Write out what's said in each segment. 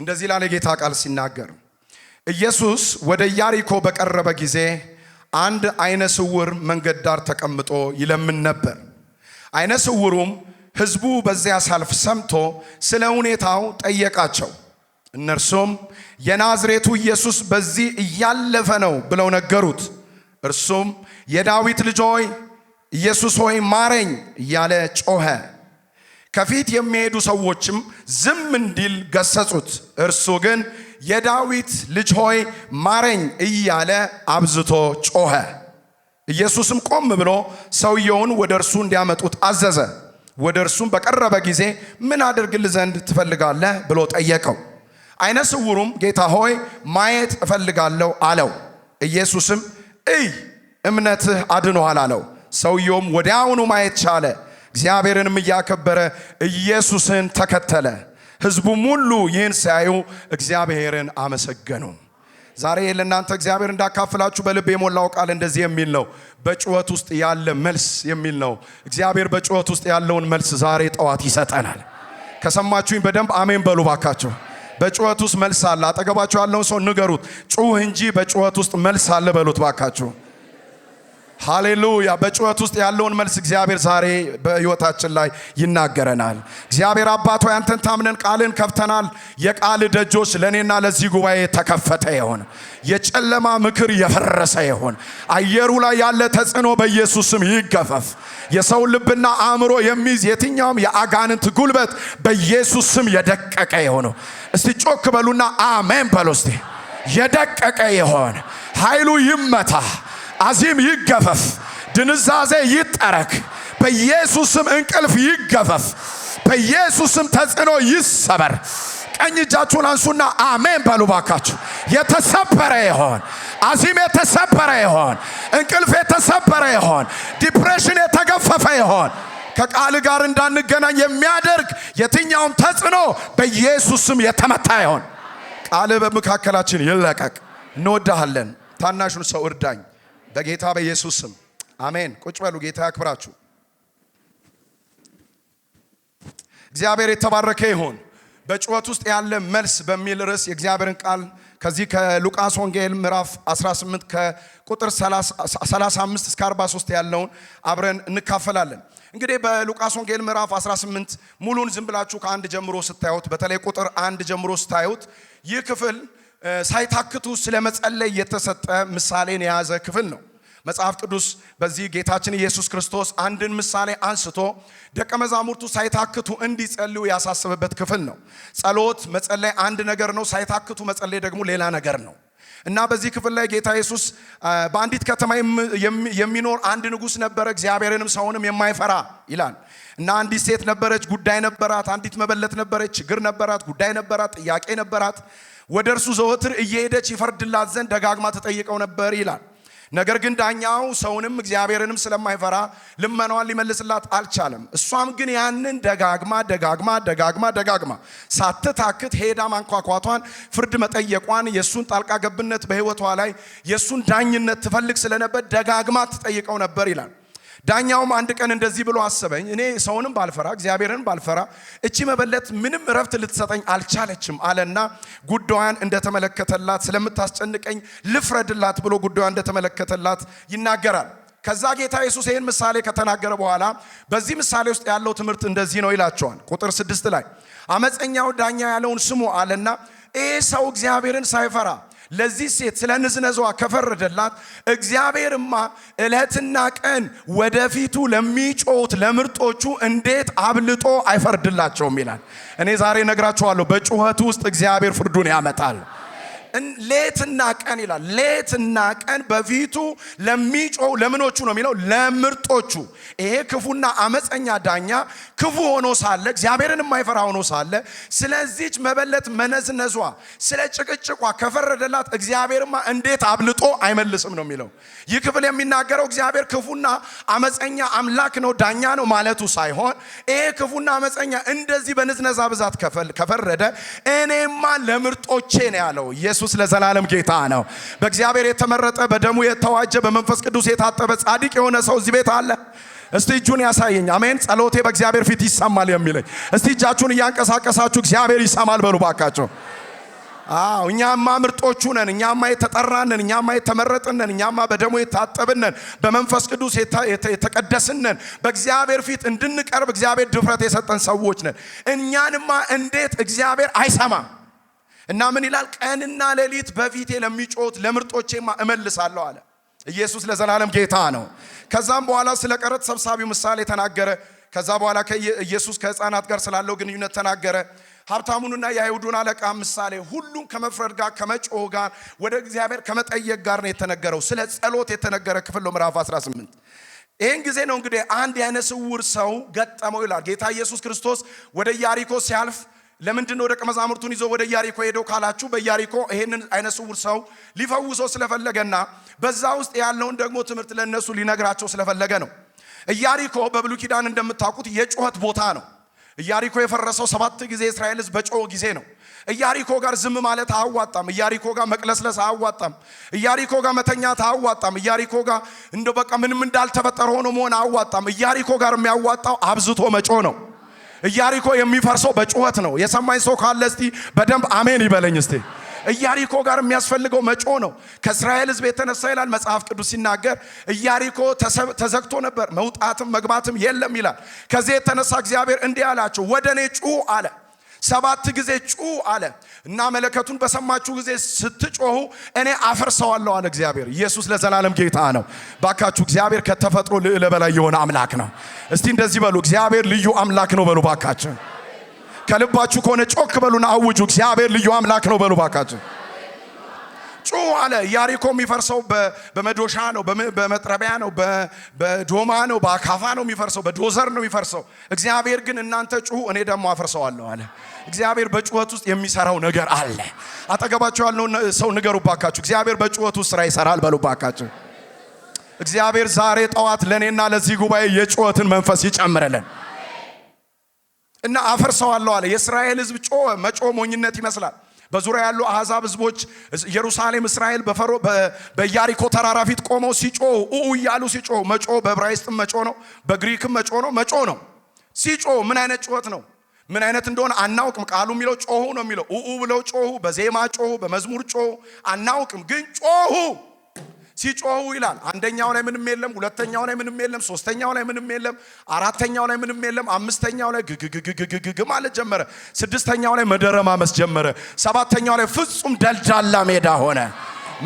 እንደዚህ ላለ ጌታ ቃል ሲናገር ኢየሱስ ወደ ኢያሪኮ በቀረበ ጊዜ አንድ አይነ ስውር መንገድ ዳር ተቀምጦ ይለምን ነበር። አይነ ስውሩም ሕዝቡ በዚያ ሳልፍ ሰምቶ ስለ ሁኔታው ጠየቃቸው። እነርሱም የናዝሬቱ ኢየሱስ በዚህ እያለፈ ነው ብለው ነገሩት። እርሱም የዳዊት ልጅ ሆይ ኢየሱስ ሆይ ማረኝ እያለ ጮኸ። ከፊት የሚሄዱ ሰዎችም ዝም እንዲል ገሰጹት። እርሱ ግን የዳዊት ልጅ ሆይ ማረኝ እያለ አብዝቶ ጮኸ። ኢየሱስም ቆም ብሎ ሰውየውን ወደ እርሱ እንዲያመጡት አዘዘ። ወደ እርሱም በቀረበ ጊዜ ምን አድርግል ዘንድ ትፈልጋለህ ብሎ ጠየቀው። አይነ ስውሩም ጌታ ሆይ ማየት እፈልጋለሁ አለው። ኢየሱስም እይ እምነትህ አድኖሃል አለው። ሰውየውም ወዲያውኑ ማየት ቻለ። እግዚአብሔርንም እያከበረ ኢየሱስን ተከተለ። ህዝቡ ሁሉ ይህን ሲያዩ እግዚአብሔርን አመሰገኑ። ዛሬ ለእናንተ እግዚአብሔር እንዳካፍላችሁ በልብ የሞላው ቃል እንደዚህ የሚል ነው። በጩኸት ውስጥ ያለ መልስ የሚል ነው። እግዚአብሔር በጩኸት ውስጥ ያለውን መልስ ዛሬ ጠዋት ይሰጠናል። ከሰማችሁኝ በደንብ አሜን በሉ ባካችሁ። በጩኸት ውስጥ መልስ አለ። አጠገባችሁ ያለውን ሰው ንገሩት፣ ጩህ እንጂ በጩኸት ውስጥ መልስ አለ በሉት ባካችሁ። ሃሌሉያ በጩኸት ውስጥ ያለውን መልስ እግዚአብሔር ዛሬ በሕይወታችን ላይ ይናገረናል። እግዚአብሔር አባቶ ያንተን ታምነን ቃልን ከፍተናል። የቃል ደጆች ለእኔና ለዚህ ጉባኤ ተከፈተ የሆነ የጨለማ ምክር የፈረሰ የሆነ አየሩ ላይ ያለ ተጽዕኖ በኢየሱስም ይገፈፍ። የሰው ልብና አእምሮ የሚይዝ የትኛውም የአጋንንት ጉልበት በኢየሱስም የደቀቀ የሆነው እስቲ ጮክ በሉና አሜን በሉ። የደቀቀ የሆነ ኃይሉ ይመታ አዚም ይገፈፍ፣ ድንዛዜ ይጠረግ፣ በኢየሱስም እንቅልፍ ይገፈፍ፣ በኢየሱስም ተጽዕኖ ይሰበር። ቀኝ እጃችሁን አንሱና አሜን በሉ ባካችሁ። የተሰበረ ይሆን አዚም፣ የተሰበረ ይሆን እንቅልፍ፣ የተሰበረ ይሆን ዲፕሬሽን፣ የተገፈፈ ይሆን ከቃል ጋር እንዳንገናኝ የሚያደርግ የትኛውም ተጽዕኖ በኢየሱስም የተመታ ይሆን። ቃል በመካከላችን ይለቀቅ። እንወዳሃለን። ታናሹን ሰው እርዳኝ። በጌታ በኢየሱስ ስም አሜን። ቁጭ በሉ። ጌታ ያክብራችሁ። እግዚአብሔር የተባረከ ይሆን። በጩኸት ውስጥ ያለ መልስ በሚል ርዕስ የእግዚአብሔርን ቃል ከዚህ ከሉቃስ ወንጌል ምዕራፍ 18 ከቁጥር 35 እስከ 43 ያለውን አብረን እንካፈላለን። እንግዲህ በሉቃስ ወንጌል ምዕራፍ 18 ሙሉን ዝም ብላችሁ ከአንድ ጀምሮ ስታዩት፣ በተለይ ቁጥር አንድ ጀምሮ ስታዩት ይህ ክፍል ሳይታክቱ ስለ መጸለይ የተሰጠ ምሳሌን የያዘ ክፍል ነው። መጽሐፍ ቅዱስ በዚህ ጌታችን ኢየሱስ ክርስቶስ አንድን ምሳሌ አንስቶ ደቀ መዛሙርቱ ሳይታክቱ እንዲጸልዩ ያሳሰበበት ክፍል ነው። ጸሎት መጸለይ አንድ ነገር ነው፣ ሳይታክቱ መጸለይ ደግሞ ሌላ ነገር ነው እና በዚህ ክፍል ላይ ጌታ ኢየሱስ በአንዲት ከተማ የሚኖር አንድ ንጉሥ ነበረ፣ እግዚአብሔርንም ሰውንም የማይፈራ ይላል እና አንዲት ሴት ነበረች፣ ጉዳይ ነበራት። አንዲት መበለት ነበረች፣ ችግር ነበራት፣ ጉዳይ ነበራት፣ ጥያቄ ነበራት። ወደ እርሱ ዘወትር እየሄደች ይፈርድላት ዘንድ ደጋግማ ተጠይቀው ነበር ይላል። ነገር ግን ዳኛው ሰውንም እግዚአብሔርንም ስለማይፈራ ልመናዋን ሊመልስላት አልቻለም። እሷም ግን ያንን ደጋግማ ደጋግማ ደጋግማ ደጋግማ ሳትታክት ሄዳ ማንኳኳቷን፣ ፍርድ መጠየቋን፣ የእሱን ጣልቃ ገብነት በሕይወቷ ላይ የእሱን ዳኝነት ትፈልግ ስለነበር ደጋግማ ትጠይቀው ነበር ይላል። ዳኛውም አንድ ቀን እንደዚህ ብሎ አሰበኝ። እኔ ሰውንም ባልፈራ እግዚአብሔርን ባልፈራ እቺ መበለት ምንም እረፍት ልትሰጠኝ አልቻለችም አለና ጉዳዋን እንደተመለከተላት ስለምታስጨንቀኝ ልፍረድላት ብሎ ጉዳዋን እንደተመለከተላት ይናገራል። ከዛ ጌታ ኢየሱስ ይህን ምሳሌ ከተናገረ በኋላ በዚህ ምሳሌ ውስጥ ያለው ትምህርት እንደዚህ ነው ይላቸዋል። ቁጥር ስድስት ላይ አመፀኛው ዳኛ ያለውን ስሙ አለና ይህ ሰው እግዚአብሔርን ሳይፈራ ለዚህ ሴት ስለ ንዝነዟ ከፈረደላት እግዚአብሔርማ ዕለትና ቀን ወደፊቱ ለሚጮት ለምርጦቹ እንዴት አብልጦ አይፈርድላቸውም ይላል። እኔ ዛሬ ነግራችኋለሁ፣ በጩኸቱ ውስጥ እግዚአብሔር ፍርዱን ያመጣል። ሌትና ቀን ይላል። ሌትና ቀን በፊቱ ለሚጮው ለምኖቹ ነው የሚለው ለምርጦቹ። ይሄ ክፉና አመፀኛ ዳኛ ክፉ ሆኖ ሳለ እግዚአብሔርን የማይፈራ ሆኖ ሳለ ስለዚች መበለት መነዝነዟ፣ ስለ ጭቅጭቋ ከፈረደላት እግዚአብሔርማ እንዴት አብልጦ አይመልስም ነው የሚለው ይህ ክፍል የሚናገረው እግዚአብሔር ክፉና አመፀኛ አምላክ ነው ዳኛ ነው ማለቱ ሳይሆን ይሄ ክፉና አመፀኛ እንደዚህ በንዝነዛ ብዛት ከፈረደ እኔማ ለምርጦቼ ነው ያለው ኢየሱስ ኢየሱስ ለዘላለም ጌታ ነው። በእግዚአብሔር የተመረጠ በደሙ የተዋጀ በመንፈስ ቅዱስ የታጠበ ጻድቅ የሆነ ሰው እዚህ ቤት አለ። እስቲ እጁን ያሳየኝ። አሜን። ጸሎቴ በእግዚአብሔር ፊት ይሰማል የሚለኝ እስቲ እጃችሁን እያንቀሳቀሳችሁ እግዚአብሔር ይሰማል በሉ ባካቸው። አዎ እኛማ ምርጦቹ ነን፣ እኛማ የተጠራንን፣ እኛማ የተመረጥንን፣ እኛማ በደሞ የታጠብንን፣ በመንፈስ ቅዱስ የተቀደስንን፣ በእግዚአብሔር ፊት እንድንቀርብ እግዚአብሔር ድፍረት የሰጠን ሰዎች ነን። እኛንማ እንዴት እግዚአብሔር አይሰማም? እና ምን ይላል? ቀንና ሌሊት በፊቴ ለሚጮት ለምርጦቼ እመልሳለሁ አለ። ኢየሱስ ለዘላለም ጌታ ነው። ከዛም በኋላ ስለ ቀረጥ ሰብሳቢው ምሳሌ ተናገረ። ከዛ በኋላ ኢየሱስ ከህፃናት ጋር ስላለው ግንኙነት ተናገረ። ሀብታሙንና የአይሁዱን አለቃ ምሳሌ ሁሉም ከመፍረድ ጋር ከመጮህ ጋር ወደ እግዚአብሔር ከመጠየቅ ጋር ነው የተነገረው። ስለ ጸሎት የተነገረ ክፍል ነው ምዕራፍ 18። ይህን ጊዜ ነው እንግዲህ አንድ የአይነ ስውር ሰው ገጠመው ይላል ጌታ ኢየሱስ ክርስቶስ ወደ ኢያሪኮ ሲያልፍ ለምንድን ነው ደቀ መዛሙርቱን ይዞ ወደ ኢያሪኮ ሄደው ካላችሁ በኢያሪኮ ይሄንን አይነ ስውር ሰው ሊፈውሰው ስለፈለገና በዛ ውስጥ ያለውን ደግሞ ትምህርት ለነሱ ሊነግራቸው ስለፈለገ ነው። ኢያሪኮ በብሉይ ኪዳን እንደምታውቁት የጩኸት ቦታ ነው። ኢያሪኮ የፈረሰው ሰባት ጊዜ እስራኤል ሕዝብ ጊዜ ነው። ኢያሪኮ ጋር ዝም ማለት አያዋጣም። ኢያሪኮ ጋር መቅለስለስ አያዋጣም። ኢያሪኮ ጋር መተኛት አያዋጣም። ኢያሪኮ ጋር እንደው በቃ ምንም እንዳልተፈጠረ ሆኖ መሆን አያዋጣም። ኢያሪኮ ጋር የሚያዋጣው አብዝቶ መጮህ ነው። ኢያሪኮ የሚፈርሰው በጩኸት ነው። የሰማኝ ሰው ካለ እስቲ በደንብ አሜን ይበለኝ እስቲ። ኢያሪኮ ጋር የሚያስፈልገው መጮ ነው። ከእስራኤል ሕዝብ የተነሳ ይላል መጽሐፍ ቅዱስ ሲናገር ኢያሪኮ ተዘግቶ ነበር፣ መውጣትም መግባትም የለም ይላል። ከዚህ የተነሳ እግዚአብሔር እንዲህ አላቸው፣ ወደ እኔ ጩሁ አለ ሰባት ጊዜ ጩ አለ እና መለከቱን በሰማችሁ ጊዜ ስትጮሁ እኔ አፈርሰዋለሁ አለ እግዚአብሔር። ኢየሱስ ለዘላለም ጌታ ነው። ባካችሁ እግዚአብሔር ከተፈጥሮ ልዕለ በላይ የሆነ አምላክ ነው። እስቲ እንደዚህ በሉ፣ እግዚአብሔር ልዩ አምላክ ነው በሉ ባካችሁ። ከልባችሁ ከሆነ ጮክ በሉና አውጁ፣ እግዚአብሔር ልዩ አምላክ ነው በሉ ባካችሁ። ጩ አለ። ኢያሪኮ የሚፈርሰው በመዶሻ ነው፣ በመጥረቢያ ነው፣ በዶማ ነው፣ በአካፋ ነው የሚፈርሰው፣ በዶዘር ነው የሚፈርሰው። እግዚአብሔር ግን እናንተ ጩሁ፣ እኔ ደግሞ አፈርሰዋለሁ አለ። እግዚአብሔር በጩኸት ውስጥ የሚሰራው ነገር አለ። አጠገባቸው ያለው ሰው ንገሩ ባካችሁ። እግዚአብሔር በጩኸት ውስጥ ስራ ይሰራል በሉ ባካችሁ። እግዚአብሔር ዛሬ ጠዋት ለእኔና ለዚህ ጉባኤ የጩኸትን መንፈስ ይጨምረልን እና አፈርሰዋለሁ አለ። የእስራኤል ሕዝብ ጮኸ። መጮ ሞኝነት ይመስላል። በዙሪያ ያሉ አሕዛብ ህዝቦች ኢየሩሳሌም፣ እስራኤል በኢያሪኮ ተራራ ፊት ቆመው ሲጮሁ ኡ እያሉ ሲጮሁ፣ መጮ በዕብራይስጥም መጮ ነው፣ በግሪክም መጮ ነው፣ መጮ ነው። ሲጮ ምን አይነት ጩኸት ነው? ምን አይነት እንደሆነ አናውቅም። ቃሉ የሚለው ጮሁ ነው የሚለው ኡ ብለው ጮሁ፣ በዜማ ጮሁ፣ በመዝሙር ጮሁ፣ አናውቅም ግን ጮሁ ሲጮሁ ይላል። አንደኛው ላይ ምንም የለም፣ ሁለተኛው ላይ ምንም የለም፣ ሶስተኛው ላይ ምንም የለም፣ አራተኛው ላይ ምንም የለም፣ አምስተኛው ላይ ግግግግግግግ ማለት ጀመረ። ስድስተኛው ላይ መደረማመስ ጀመረ። ሰባተኛው ላይ ፍጹም ደልዳላ ሜዳ ሆነ።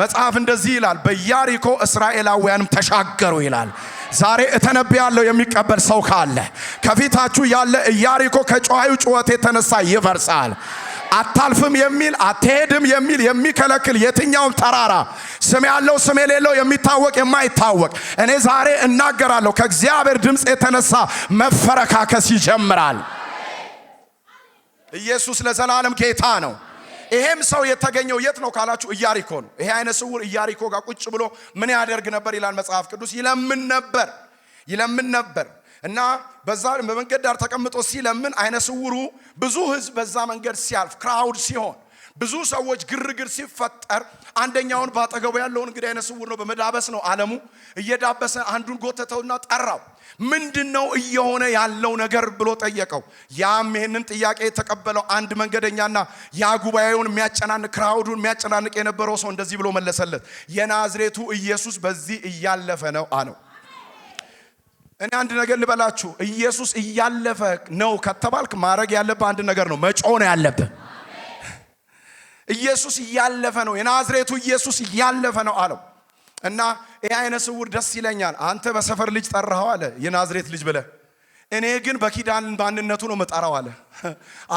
መጽሐፍ እንደዚህ ይላል፣ በያሪኮ እስራኤላውያንም ተሻገሩ ይላል። ዛሬ እተነብያለሁ። የሚቀበል ሰው ካለ ከፊታችሁ ያለ ኢያሪኮ ከጨዋዩ ጩኸት የተነሳ ይፈርሳል። አታልፍም የሚል አትሄድም የሚል የሚከለክል የትኛውም ተራራ ስም ያለው ስም የሌለው የሚታወቅ የማይታወቅ እኔ ዛሬ እናገራለሁ። ከእግዚአብሔር ድምፅ የተነሳ መፈረካከስ ይጀምራል። ኢየሱስ ለዘላለም ጌታ ነው። ይሄም ሰው የተገኘው የት ነው ካላችሁ፣ ኢያሪኮ ነው። ይሄ አይነ ስውር ኢያሪኮ ጋር ቁጭ ብሎ ምን ያደርግ ነበር ይላል መጽሐፍ ቅዱስ። ይለምን ነበር፣ ይለምን ነበር እና በዛ በመንገድ ዳር ተቀምጦ ሲለምን አይነ ስውሩ ብዙ ህዝብ በዛ መንገድ ሲያልፍ ክራውድ ሲሆን ብዙ ሰዎች ግርግር ሲፈጠር አንደኛውን በአጠገቡ ያለውን እንግዲህ አይነ ስውር ነው፣ በመዳበስ ነው አለሙ እየዳበሰ አንዱን ጎተተውና ጠራው። ምንድን ነው እየሆነ ያለው ነገር ብሎ ጠየቀው። ያም ይህንን ጥያቄ የተቀበለው አንድ መንገደኛና ያ ጉባኤውን የሚያጨናንቅ ክራውዱን የሚያጨናንቅ የነበረው ሰው እንደዚህ ብሎ መለሰለት፣ የናዝሬቱ ኢየሱስ በዚህ እያለፈ ነው አለው። እኔ አንድ ነገር ልበላችሁ፣ ኢየሱስ እያለፈ ነው ከተባልክ ማድረግ ያለብህ አንድ ነገር ነው፣ መጮ ነው ያለብህ። ኢየሱስ እያለፈ ነው፣ የናዝሬቱ ኢየሱስ እያለፈ ነው አለው እና ይህ አይነ ስውር ደስ ይለኛል። አንተ በሰፈር ልጅ ጠራኸው አለ የናዝሬት ልጅ ብለ እኔ ግን በኪዳን ማንነቱ ነው መጠራው አለ።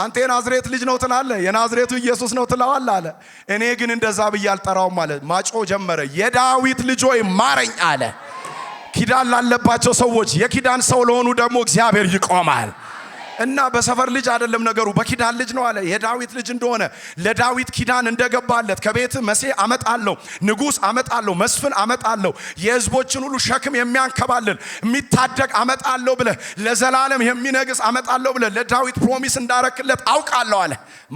አንተ የናዝሬት ልጅ ነው ትላለ የናዝሬቱ ኢየሱስ ነው ትለዋል አለ። እኔ ግን እንደዛ ብዬ አልጠራውም አለ። ማጮ ጀመረ። የዳዊት ልጅ ሆይ ማረኝ አለ። ኪዳን ላለባቸው ሰዎች የኪዳን ሰው ለሆኑ ደግሞ እግዚአብሔር ይቆማል። እና በሰፈር ልጅ አይደለም ነገሩ፣ በኪዳን ልጅ ነው አለ። የዳዊት ልጅ እንደሆነ ለዳዊት ኪዳን እንደገባለት ከቤት መሴ አመጣለሁ፣ ንጉሥ አመጣለሁ፣ መስፍን አመጣለሁ፣ የህዝቦችን ሁሉ ሸክም የሚያንከባልል የሚታደግ አመጣለሁ ብለ ለዘላለም የሚነግስ አመጣለሁ ብለ ለዳዊት ፕሮሚስ እንዳረክለት አውቃለሁ አለ።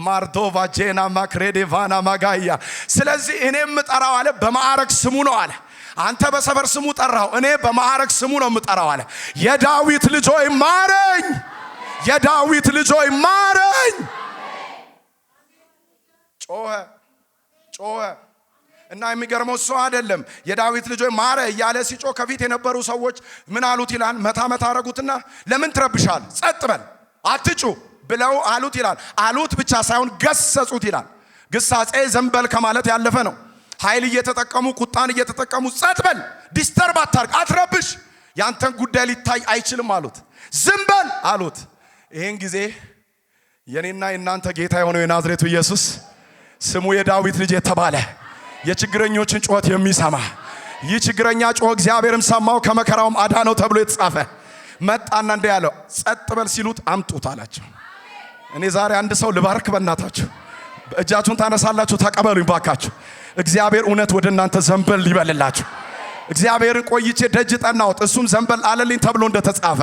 ማርዶቫ ጄና ማክሬዴቫና ማጋያ። ስለዚህ እኔ የምጠራው አለ በማዕረግ ስሙ ነው አለ አንተ በሰፈር ስሙ ጠራው፣ እኔ በማዕረግ ስሙ ነው የምጠራው አለ። የዳዊት ልጅ ሆይ ማረኝ፣ የዳዊት ልጅ ሆይ ማረኝ። ጮኸ ጮኸ እና የሚገርመው እሱ አይደለም። የዳዊት ልጅ ሆይ ማረ እያለ ሲጮ ከፊት የነበሩ ሰዎች ምን አሉት ይላል። መታ መታ አረጉትና ለምን ትረብሻል? ጸጥ በል አትጩ ብለው አሉት ይላል። አሉት ብቻ ሳይሆን ገሰጹት ይላል። ግሳጼ ዘንበል ከማለት ያለፈ ነው። ኃይል እየተጠቀሙ ቁጣን እየተጠቀሙ ጸጥ በል፣ ዲስተርብ አታርግ፣ አትረብሽ፣ ያንተን ጉዳይ ሊታይ አይችልም አሉት። ዝም በል አሉት። ይህን ጊዜ የኔና የእናንተ ጌታ የሆነው የናዝሬቱ ኢየሱስ ስሙ የዳዊት ልጅ የተባለ የችግረኞችን ጩኸት የሚሰማ ይህ ችግረኛ ጮኸ፣ እግዚአብሔርም ሰማው፣ ከመከራውም አዳነው ተብሎ የተጻፈ መጣና እንደ ያለው ጸጥ በል ሲሉት አምጡት አላቸው። እኔ ዛሬ አንድ ሰው ልባርክ። በእናታችሁ እጃችሁን ታነሳላችሁ። ተቀበሉኝ ባካችሁ። እግዚአብሔር እውነት ወደ እናንተ ዘንበል ይበልላችሁ። እግዚአብሔርን ቆይቼ ደጅ ጠናሁት እሱም ዘንበል አለልኝ ተብሎ እንደተጻፈ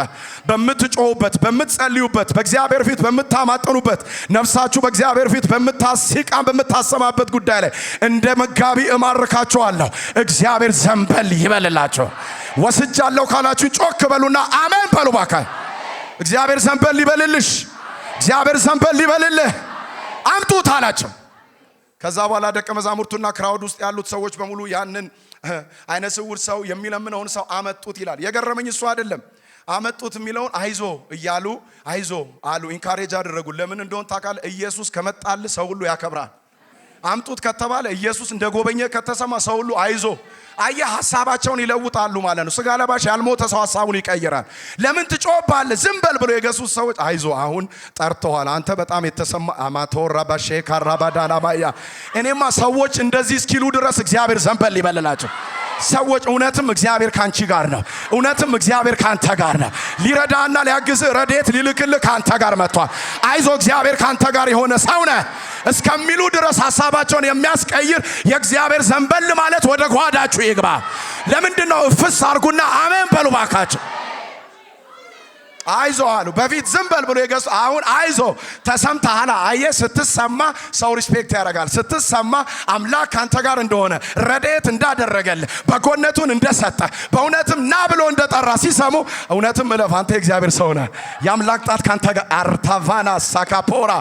በምትጮሁበት፣ በምትጸልዩበት፣ በእግዚአብሔር ፊት በምታማጠኑበት፣ ነፍሳችሁ በእግዚአብሔር ፊት በምታሲቃን በምታሰማበት ጉዳይ ላይ እንደ መጋቢ እማርካችኋለሁ። እግዚአብሔር ዘንበል ይበልላቸው። ወስጃለሁ ካላችሁ ጮክ በሉና አሜን በሉ ባካ። እግዚአብሔር ዘንበል ይበልልሽ። እግዚአብሔር ዘንበል ይበልልህ። አምጡት አላቸው። ከዛ በኋላ ደቀ መዛሙርቱና ክራውድ ውስጥ ያሉት ሰዎች በሙሉ ያንን አይነ ስውር ሰው የሚለምነውን ሰው አመጡት ይላል። የገረመኝ እሱ አይደለም አመጡት የሚለውን አይዞ እያሉ አይዞ አሉ፣ ኢንካሬጅ አደረጉ። ለምን እንደሆን ታውቃለህ? ኢየሱስ ከመጣል ሰው ሁሉ ያከብራል። አምጡት ከተባለ ኢየሱስ እንደ ጎበኘ ከተሰማ ሰው ሁሉ አይዞ አየህ ሀሳባቸውን ይለውጣሉ ማለት ነው። ስጋ ለባሽ ያልሞተ ሰው ሐሳቡን ይቀይራል። ለምን ትጮባለህ? ዝም በል ብሎ የገሱት ሰዎች አይዞ አሁን ጠርተዋል። አንተ በጣም የተሰማ አማቶራ ባሼ ካራባዳላ እኔማ ሰዎች እንደዚህ እስኪሉ ድረስ እግዚአብሔር ዘንበል ይበልላቸው። ሰዎች እውነትም እግዚአብሔር ካንቺ ጋር ነው። እውነትም እግዚአብሔር ካንተ ጋር ነው። ሊረዳና ሊያግዝ ረዴት ሊልክልህ ካንተ ጋር መጥቷል። አይዞ እግዚአብሔር ካንተ ጋር የሆነ ሰው ነህ። እስከሚሉ ድረስ ሐሳባቸውን የሚያስቀይር የእግዚአብሔር ዘንበል ማለት ወደ ጓዳችሁ ይግባ። ለምንድን ነው እፍስ አርጉና አሜን በሉ ባካቸው። አይዞ አሉ። በፊት ዝም በል ብሎ የገሱ አሁን አይዞ ተሰምተሃል። አየ ስትሰማ ሰው ሪስፔክት ያደርጋል። ስትሰማ አምላክ ካንተ ጋር እንደሆነ ረድኤት እንዳደረገልህ በጎነቱን እንደሰጠ በእውነትም ና ብሎ እንደጠራ ሲሰሙ እውነትም እለፍ አንተ የእግዚአብሔር ሰው ነህ። የአምላክ ጣት ካንተ ጋር አርታቫና ሳካፖራ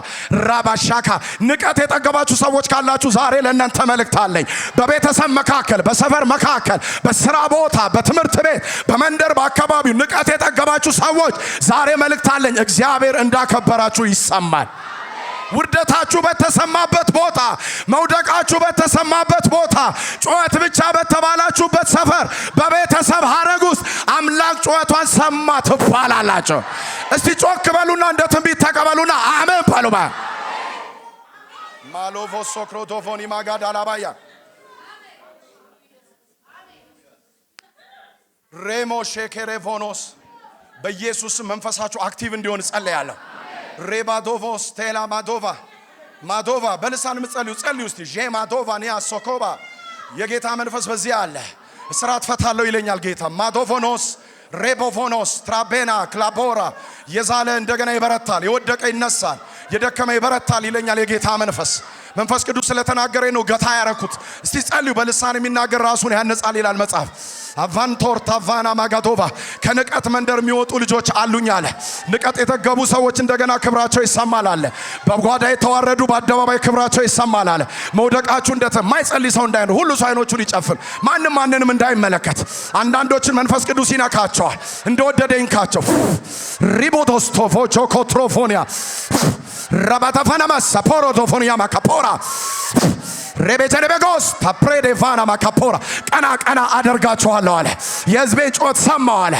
ራባሻካ ንቀት የጠገባችሁ ሰዎች ካላችሁ ዛሬ ለእናንተ መልእክት አለኝ። በቤተሰብ መካከል፣ በሰፈር መካከል፣ በስራ ቦታ፣ በትምህርት ቤት፣ በመንደር፣ በአካባቢው ንቀት የጠገባችሁ ሰዎች ዛሬ መልእክት አለኝ። እግዚአብሔር እንዳከበራችሁ ይሰማል። ውርደታችሁ በተሰማበት ቦታ፣ መውደቃችሁ በተሰማበት ቦታ፣ ጩኸት ብቻ በተባላችሁበት ሰፈር፣ በቤተሰብ ሀረግ ውስጥ አምላክ ጩኸቷን ሰማ ትባላላቸው። እስቲ ጮክ በሉና እንደ ትንቢት ተቀበሉና አሜን በሉባ ማሎፎ ሶክሮቶፎኒ ማጋድ አላባያ ሬሞ ሼኬሬፎኖስ በኢየሱስ መንፈሳችሁ አክቲቭ እንዲሆን ጸልያለሁ። ሬባዶቮስ ቴላ ማዶቫ ማዶቫ በልሳን ምጸልዩ ጸልዩ ስ ዤ ማዶቫ ኒያ ሶኮባ የጌታ መንፈስ በዚያ አለ። እስራት ፈታለሁ ይለኛል ጌታ። ማዶቮኖስ ሬቦቮኖስ ትራቤና ክላቦራ የዛለ እንደገና ይበረታል፣ የወደቀ ይነሳል፣ የደከመ ይበረታል ይለኛል የጌታ መንፈስ። መንፈስ ቅዱስ ስለተናገረ ነው ገታ ያረኩት። እስቲ ጸልዩ። በልሳን የሚናገር ራሱን ያነጻል ይላል መጽሐፍ። አቫንቶር ታቫና ማጋቶቫ ከንቀት መንደር የሚወጡ ልጆች አሉኝ አለ። ንቀት የተገቡ ሰዎች እንደገና ክብራቸው ይሰማል አለ። በጓዳ የተዋረዱ በአደባባይ ክብራቸው ይሰማል አለ። መውደቃችሁ እንደተ ማይጸልይ ሰው እንዳይኖር ሁሉ ሰው አይኖቹን ይጨፍን፣ ማንም ማንንም እንዳይመለከት። አንዳንዶችን መንፈስ ቅዱስ ይነካቸዋል። እንደወደደ ይንካቸው። ሪቦቶስቶፎ ቾኮትሮፎኒያ rabatafana masaporo tofonia makapora ሬቤቸንቤጎስ ታፕሬዴ ማካፖራ ቀና ቀና አደርጋችኋለሁ አለ። የሕዝቤን ጩኸት ሰማሁ አለ።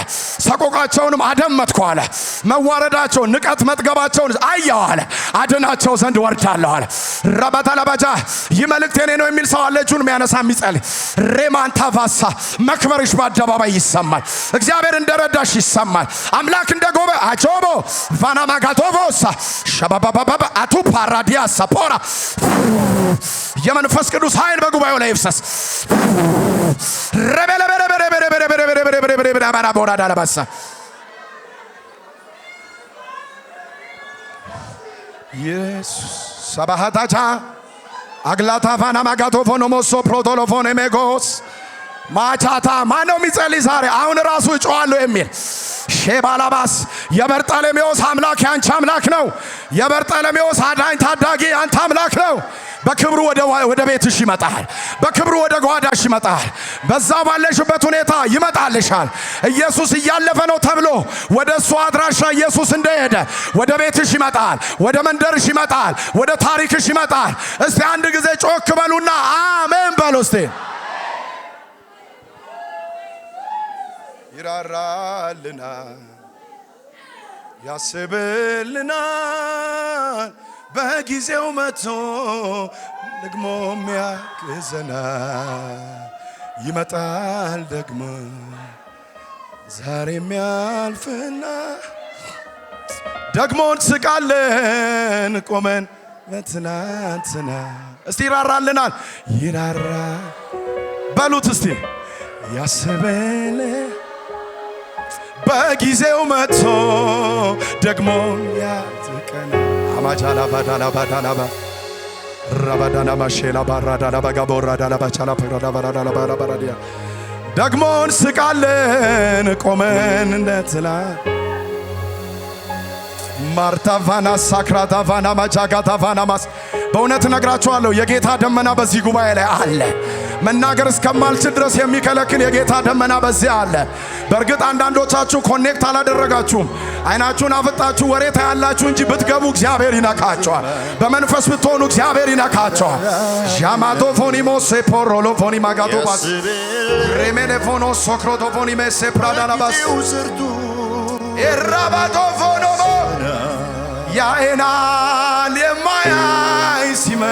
ሰቆቃቸውንም አደመጥኩ አለ። መዋረዳቸውን ንቀት መጥገባቸውን አየሁ አለ። አድናቸው ዘንድ ወርዳለሁ አለ። ረበተለበጃ ይህ መልእክት የኔ ነው የሚል ሰው አለ። እጁን የሚያነሳ የሚጸልይ ሬማንታ ቫሳ መክበርሽ በአደባባይ ይሰማል። እግዚአብሔር እንደረዳሽ ይሰማል። አምላክ እንደ ጎበ አቾቦ ቫና አቱ ፓራዲያ ሰፖራ የመንፈስ ቅዱስ ኃይል በጉባኤው ላይ ይፍሰስ። ቦራዳ ማቻታ ማን ነው የሚጸልይ ዛሬ አሁን ራሱ እጮዋለሁ የሚል ሼባላባስ የበርጠለሜዎስ አምላክ ያንቺ አምላክ ነው። የበርጠለሜዎስ አዳኝ ታዳጊ ያንተ አምላክ ነው። በክብሩ ወደ ቤትሽ ይመጣል። በክብሩ ወደ ጓዳሽ ይመጣል። በዛ ባለሽበት ሁኔታ ይመጣልሻል። ኢየሱስ እያለፈ ነው ተብሎ ወደ እሱ አድራሻ ኢየሱስ እንደሄደ ወደ ቤትሽ ይመጣል። ወደ መንደርሽ ይመጣል። ወደ ታሪክሽ ይመጣል። እስቲ አንድ ጊዜ ጮክ በሉና አሜን በሉ እስቴ ይራራልናል፣ ያስብልናል በጊዜው መቶ ደግሞ ያግዘናል። ይመጣል ደግሞ ቆመን በትናንትና። እስቲ ይራራልናል ይራራ በሉት እስቲ በጊዜው መጥቶ ደግሞ ያዝቀን አማቻላ ባዳላ ባዳላ ባ ራባዳና ማርታ ቫና ሳክራታ ቫና ቫና ማስ በእውነት የጌታ ደመና በዚህ ጉባኤ ላይ አለ። መናገር እስከማልችል ድረስ የሚከለክል የጌታ ደመና በዚያ አለ። በእርግጥ አንዳንዶቻችሁ ኮኔክት አላደረጋችሁም። አይናችሁን አፍጣችሁ ወሬ ታያላችሁ እንጂ ብትገቡ እግዚአብሔር ይነካቸዋል። በመንፈስ ብትሆኑ እግዚአብሔር ይነካቸዋል። ዣማቶ ፎኒ ሞሴ ፖሮሎ ፎኒ ማጋቶ ባስ ፖሮሎፎኒ ፎኖ ሶክሮቶ ፎኒ ሜሴ ፕራዳናባስ ኤራባቶፎኖሞ ያኤናል የማያይ ሲመ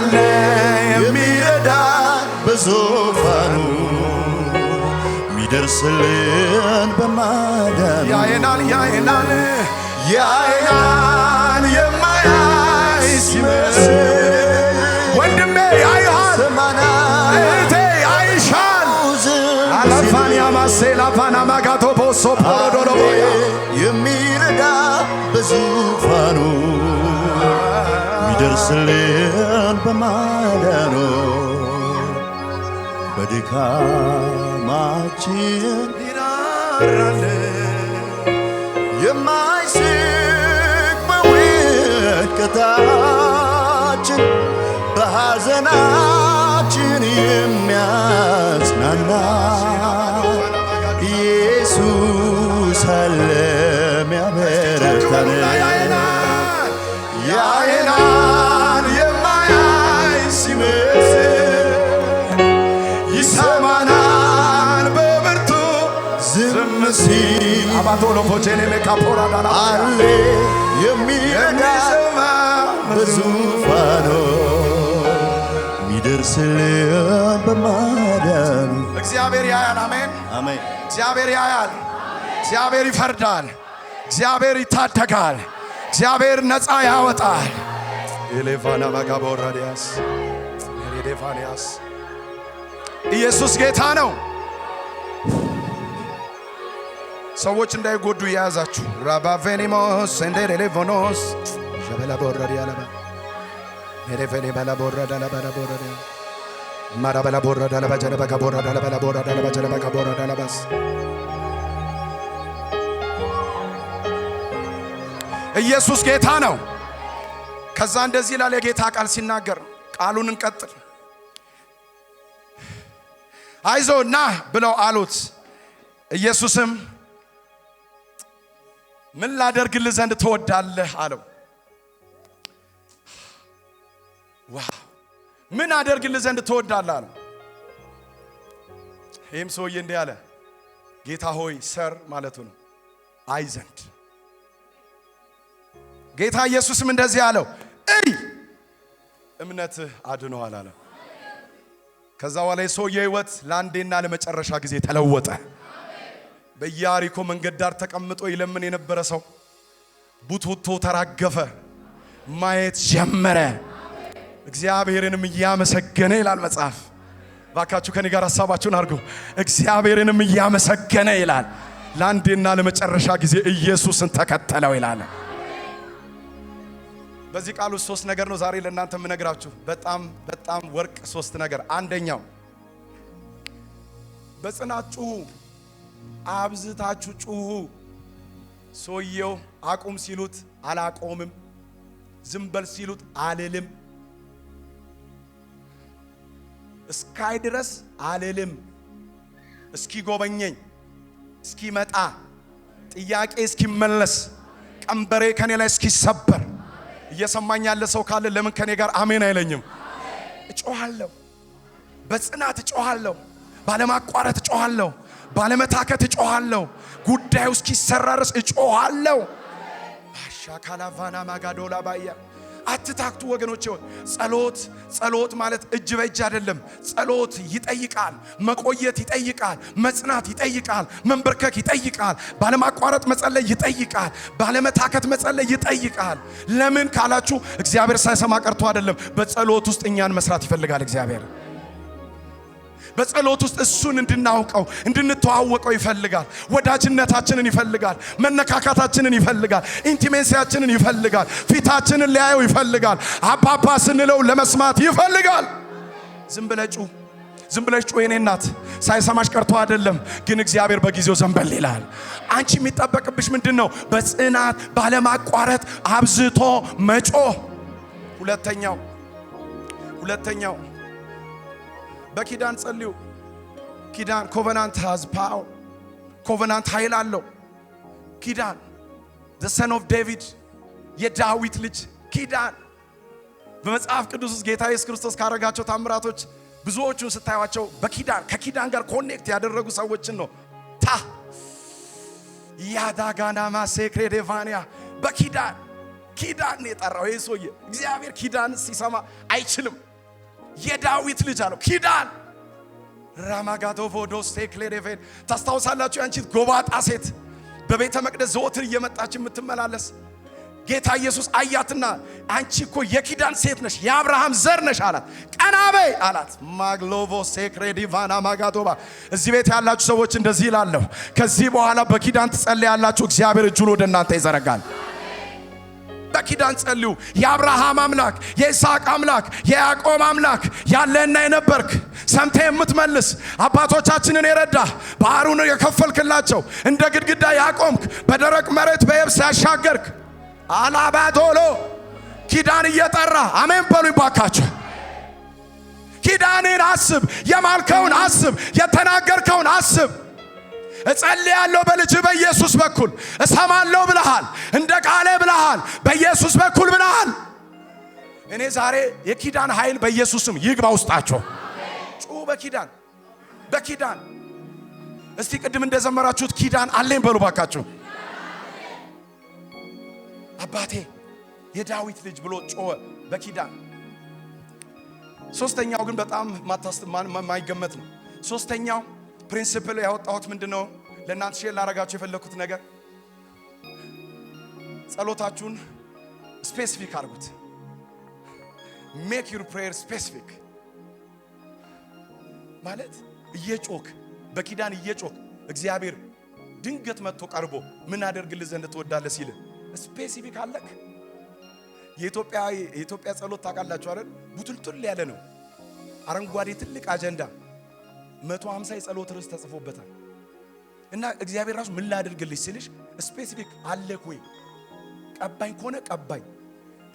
አለ የሚረዳ በዙፋኑ የሚደርስልን በማዳኑ ያየናል ያየናል ያየናል የማያይ ሲመስል ወንድሜ ያይሃል እህቴ አይሻል አላፋን ያማሴ ላፋን አማጋቶ ቦሶ ፖሮዶሮቦያ የሚረዳ በዙፋኑ የሚደርስልን በማደሮ በድካማችን ይራራል የማይስቅ በውድቀታችን በሐዘናችን የሚያጽናና ኢየሱስ አለ ባቶሎ ፎቼኔ ሜካፖራ ዳላ አለ የሚሰማ በማዳኑ እግዚአብሔር ያያል። አሜን አሜን። እግዚአብሔር ያያል። እግዚአብሔር ይፈርዳል። እግዚአብሔር ይታደጋል። እግዚአብሔር ነፃ ያወጣል። ማጋቦራዲያስ ኢየሱስ ጌታ ነው። ሰዎች እንዳይጎዱ የያዛችሁ ራባቬኒሞስ እንዴሬሌቮኖስ ሸበላ ያለባ ኢየሱስ ጌታ ነው። ከዛ እንደዚህ ይላል የጌታ ቃል ሲናገር፣ ቃሉን እንቀጥል። አይዞ ና ብለው አሉት። ኢየሱስም ምን ላደርግልህ ዘንድ ትወዳለህ አለው። ዋ ምን አደርግልህ ዘንድ ትወዳለህ አለው። ይህም ሰውዬ እንዲህ አለ፣ ጌታ ሆይ ሰር ማለቱ ነው አይ ዘንድ ጌታ ኢየሱስም እንደዚህ አለው፣ እይ እምነትህ አድኖሃል አለ። ከዛ በኋላ የሰውየ ሕይወት ለአንዴና ለመጨረሻ ጊዜ ተለወጠ። በኢያሪኮ መንገድ ዳር ተቀምጦ ይለምን የነበረ ሰው ቡትቡቶ ተራገፈ፣ ማየት ጀመረ፣ እግዚአብሔርንም እያመሰገነ ይላል መጽሐፍ። ባካችሁ ከኔ ጋር ሀሳባችሁን አድርጉ። እግዚአብሔርንም እያመሰገነ ይላል። ለአንዴና ለመጨረሻ ጊዜ ኢየሱስን ተከተለው ይላል። በዚህ ቃል ውስጥ ሶስት ነገር ነው ዛሬ ለእናንተ የምነግራችሁ። በጣም በጣም ወርቅ ሶስት ነገር። አንደኛው በጽናት ጩኹ አብዝታችሁ ጩሁ። ሰውየው አቁም ሲሉት አላቆምም፣ ዝምበል ሲሉት አልልም፣ እስካይ ድረስ አልልም፣ እስኪ ጎበኘኝ፣ እስኪመጣ ጥያቄ እስኪመለስ፣ ቀንበሬ ከኔ ላይ እስኪሰበር። እየሰማኝ ያለ ሰው ካለ ለምን ከኔ ጋር አሜን አይለኝም? እጮሃለሁ፣ በጽናት እጮሃለሁ። ባለማቋረጥ እጮኋለሁ፣ ባለመታከት እጮኋለሁ፣ ጉዳዩ እስኪሰራ ድረስ እጮኋለሁ። ባሻ ማጋዶላ ባያ አትታክቱ ወገኖች። ጸሎት ጸሎት ማለት እጅ በእጅ አይደለም። ጸሎት ይጠይቃል፣ መቆየት ይጠይቃል፣ መጽናት ይጠይቃል፣ መንበርከክ ይጠይቃል፣ ባለማቋረጥ መጸለይ ይጠይቃል፣ ባለመታከት መጸለይ ይጠይቃል። ለምን ካላችሁ እግዚአብሔር ሳይሰማ ቀርቶ አይደለም። በጸሎት ውስጥ እኛን መስራት ይፈልጋል እግዚአብሔር በጸሎት ውስጥ እሱን እንድናውቀው እንድንተዋወቀው ይፈልጋል። ወዳጅነታችንን ይፈልጋል። መነካካታችንን ይፈልጋል። ኢንቲሜሲያችንን ይፈልጋል። ፊታችንን ሊያየው ይፈልጋል። አባባ ስንለው ለመስማት ይፈልጋል። ዝም ብለጩ ዝም ብለሽ ጩ የኔ እናት ሳይሰማሽ ቀርቶ አይደለም፣ ግን እግዚአብሔር በጊዜው ዘንበል ይላል። አንቺ የሚጠበቅብሽ ምንድን ነው? በጽናት ባለማቋረጥ አብዝቶ መጮ ሁለተኛው ሁለተኛው በኪዳን ጸልዩ። ኪዳን ኮቨናንት ሃዝ ፓወር ኮቨናንት ኃይል አለው። ኪዳን ዘ ሰን ኦፍ ዴቪድ የዳዊት ልጅ ኪዳን በመጽሐፍ ቅዱስ ውስጥ ጌታ ኢየሱስ ክርስቶስ ካረጋቸው ታምራቶች ብዙዎቹን ስታዩቸው በኪዳን ከኪዳን ጋር ኮኔክት ያደረጉ ሰዎችን ነው። ታ ያዳጋናማ ሴክሬዴቫንያ በኪዳን ኪዳን የጠራው ይህ ሰውዬ እግዚአብሔር ኪዳን ሲሰማ አይችልም። የዳዊት ልጅ አለው ኪዳን ራማጋዶቮዶስ ቴክሌሬቬን ታስታውሳላችሁ? ያንቺት ጎባጣ ሴት በቤተ መቅደስ ዘወትር እየመጣች የምትመላለስ ጌታ ኢየሱስ አያትና፣ አንቺ እኮ የኪዳን ሴት ነሽ፣ የአብርሃም ዘር ነሽ አላት። ቀናበይ አላት። ማግሎቮ ሴክሬዲቫና ማጋቶባ። እዚህ ቤት ያላችሁ ሰዎች እንደዚህ ይላለሁ፣ ከዚህ በኋላ በኪዳን ትጸለያላችሁ፣ እግዚአብሔር እጁን ወደ እናንተ ይዘረጋል። ኪዳን ጸልዩ። የአብርሃም አምላክ የይስሐቅ አምላክ የያዕቆብ አምላክ ያለና የነበርክ ሰምተ የምትመልስ አባቶቻችንን የረዳ ባህሩን የከፈልክላቸው እንደ ግድግዳ ያቆምክ በደረቅ መሬት በየብስ ያሻገርክ አላባቶሎ ኪዳን እየጠራ አሜን በሉኝ ባካችሁ። ኪዳንን አስብ፣ የማልከውን አስብ፣ የተናገርከውን አስብ። እጸልያለሁ በልጅ በኢየሱስ በኩል እሰማለሁ ብለሃል። እንደ ቃሌ ብለሃል። በኢየሱስ በኩል ብለሃል። እኔ ዛሬ የኪዳን ኃይል በኢየሱስም ይግባ ውስጣቸው። ጩ በኪዳን በኪዳን እስቲ ቅድም እንደዘመራችሁት ኪዳን አለኝ በሉ ባካችሁ። አባቴ የዳዊት ልጅ ብሎ ጮኸ በኪዳን። ሶስተኛው ግን በጣም ማታስ ማይገመት ነው። ሶስተኛው ፕሪንሲፕል ያወጣሁት ምንድን ነው? ለእናንተ ሼር ላረጋችሁ የፈለግኩት ነገር ጸሎታችሁን ስፔሲፊክ አድርጉት። ሜክ ዩር ፕሬየር ስፔሲፊክ ማለት እየጮክ በኪዳን እየጮክ እግዚአብሔር ድንገት መጥቶ ቀርቦ ምን አደርግልህ ዘንድ ትወዳለህ ሲል ስፔሲፊክ አለክ። የኢትዮጵያ ጸሎት ታውቃላችሁ አይደል? ቡትልቱል ያለ ነው። አረንጓዴ ትልቅ አጀንዳ 150 የጸሎት ርዕስ ተጽፎበታል። እና እግዚአብሔር ራሱ ምን ላድርግልሽ ሲልሽ ስፔሲፊክ አለክ ወይ ቀባኝ ከሆነ ቀባኝ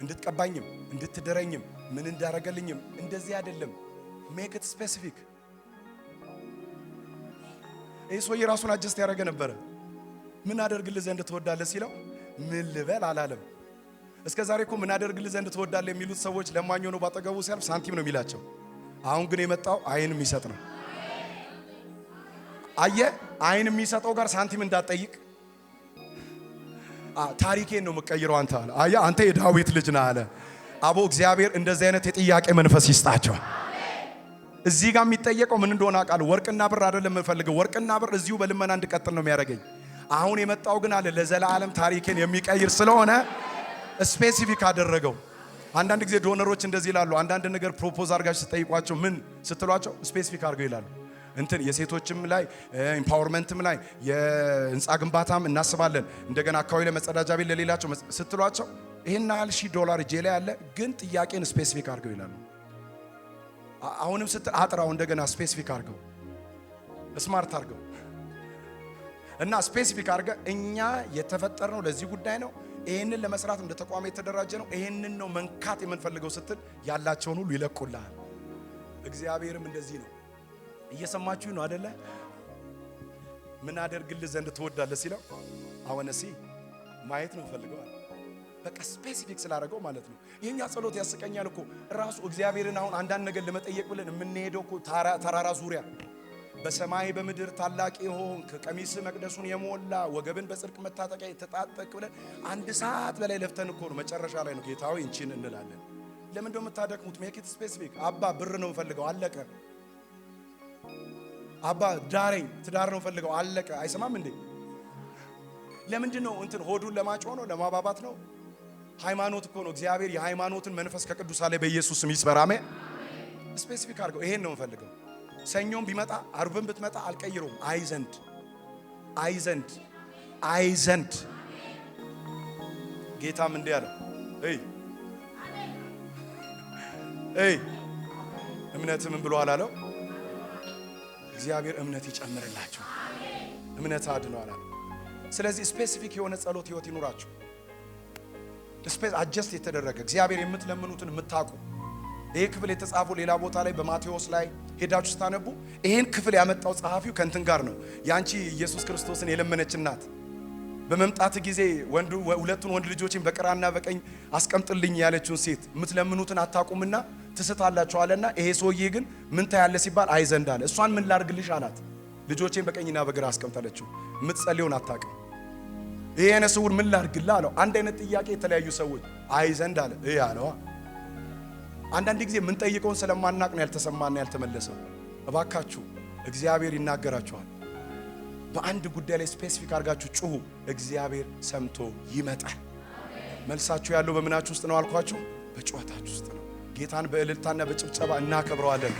እንድትቀባኝም እንድትድረኝም ምን እንዳረገልኝም እንደዚህ አይደለም። ሜክት ስፔሲፊክ። ይህ ሰውዬ ራሱን አጀስት ያደረገ ነበረ። ምን አደርግልህ ዘንድ ትወዳለህ ሲለው ምን ልበል አላለም። እስከ ዛሬ እኮ ምን አደርግልህ ዘንድ ትወዳለህ የሚሉት ሰዎች ለማኝ ሆኖ ባጠገቡ ሲያልፍ ሳንቲም ነው የሚላቸው። አሁን ግን የመጣው አይን የሚሰጥ ነው። አየ አይን የሚሰጠው ጋር ሳንቲም እንዳትጠይቅ። ታሪኬን ነው የምቀይረው አንተ አለ። አየ አንተ የዳዊት ልጅ ነህ አለ። አቦ እግዚአብሔር እንደዚህ አይነት የጥያቄ መንፈስ ይስጣቸው። እዚህ ጋር የሚጠየቀው ምን እንደሆነ አውቃለሁ። ወርቅና ብር አይደለም የምፈልገው። ወርቅና ብር እዚሁ በልመና እንድቀጥል ነው የሚያደርገኝ። አሁን የመጣው ግን አለ ለዘላለም ታሪኬን የሚቀይር ስለሆነ ስፔሲፊክ አደረገው። አንዳንድ ጊዜ ዶነሮች እንደዚህ ይላሉ። አንዳንድ ነገር ፕሮፖዝ አድርጋችሁ ስትጠይቋቸው ምን ስትሏቸው ስፔሲፊክ አድርገው ይላሉ። እንትን የሴቶችም ላይ ኢምፓወርመንትም ላይ የህንፃ ግንባታም እናስባለን። እንደገና አካባቢ መጸዳጃ ቤት ለሌላቸው ስትሏቸው ይህን ያህል ሺህ ዶላር እጄ ላይ ያለ ግን ጥያቄን ስፔሲፊክ አድርገው ይላሉ። አሁንም ስትል አጥራው እንደገና ስፔሲፊክ አድርገው ስማርት አድርገው እና ስፔሲፊክ አድርገ እኛ የተፈጠርነው ለዚህ ጉዳይ ነው። ይህንን ለመስራት እንደ ተቋም የተደራጀ ነው። ይህንን ነው መንካት የምንፈልገው ስትል ያላቸውን ሁሉ ይለቁልሃል። እግዚአብሔርም እንደዚህ ነው። እየሰማችሁ ነው አደለ? ምን አደርግልህ ዘንድ ትወዳለህ ሲለው አወነሲ ማየት ነው ፈልገዋል። በቃ ስፔሲፊክ ስላደረገው ማለት ነው። የኛ ጸሎት ያስቀኛል እኮ ራሱ እግዚአብሔርን። አሁን አንዳንድ ነገር ለመጠየቅ ብለን የምንሄደው እኮ ተራራ ዙሪያ በሰማይ በምድር ታላቅ የሆን ከቀሚስ መቅደሱን የሞላ ወገብን በጽድቅ መታጠቂያ የተጣጠቅ ብለን አንድ ሰዓት በላይ ለፍተን እኮ ነው። መጨረሻ ላይ ነው ጌታዊ እንቺን እንላለን። ለምን እንደምታደክሙት ሜክ ኢት ስፔሲፊክ። አባ ብር ነው ፈልገው አለቀ። አባ ዳረኝ፣ ትዳር ነው ፈልገው፣ አለቀ። አይሰማም እንዴ? ለምንድን ነው እንትን ሆዱን ለማጮ ነው ለማባባት ነው? ሃይማኖት እኮ ነው። እግዚአብሔር የሃይማኖትን መንፈስ ከቅዱስ አለ በኢየሱስ ስም ይስበር። አሜን። ስፔሲፊክ አድርገው ይሄን ነው ፈልገው ሰኞም ቢመጣ አርብን ብትመጣ አልቀይሩም። አይዘንድ አይዘንድ አይዘንድ ጌታም እንዲህ አለ እይ እይ እምነትም ብሎ አላለው እግዚአብሔር እምነት ይጨምርላችሁ። እምነት አድኗል ስለዚህ ስፔሲፊክ የሆነ ጸሎት ህይወት ይኑራችሁ። ስፔስ አጀስት የተደረገ እግዚአብሔር የምትለምኑትን የምታውቁ ይሄ ክፍል የተጻፈው ሌላ ቦታ ላይ በማቴዎስ ላይ ሄዳችሁ ስታነቡ ይሄን ክፍል ያመጣው ጸሐፊው ከእንትን ጋር ነው። ያንቺ ኢየሱስ ክርስቶስን የለመነች እናት በመምጣት ጊዜ ወንዱ ሁለቱን ወንድ ልጆችን በቅራና በቀኝ አስቀምጥልኝ ያለችውን ሴት የምትለምኑትን አታውቁምና ትስታላችሁ አለና ይሄ ሰውዬ ግን ምን ታያለ ሲባል አይ ዘንድ አለ። እሷን ምን ላርግልሽ አላት። ልጆቼን በቀኝና በግራ አስቀምጠለችው። የምትጸልየውን አታውቅም። ይሄ አይነት ስውር ምን ላርግልህ አለው። አንድ አይነት ጥያቄ የተለያዩ ሰዎች አይ ዘንድ አለ። ይሄ አለዋ። አንዳንድ ጊዜ የምንጠይቀውን ስለማናቅ ነው ያልተሰማና ያልተመለሰው። እባካችሁ እግዚአብሔር ይናገራችኋል። በአንድ ጉዳይ ላይ ስፔሲፊክ አድርጋችሁ ጩሁ። እግዚአብሔር ሰምቶ ይመጣል። መልሳችሁ ያለው በምናችሁ ውስጥ ነው አልኳችሁ፣ በጩኸታችሁ ውስጥ ጌታን በእልልታና በጭብጨባ እናከብረዋለን።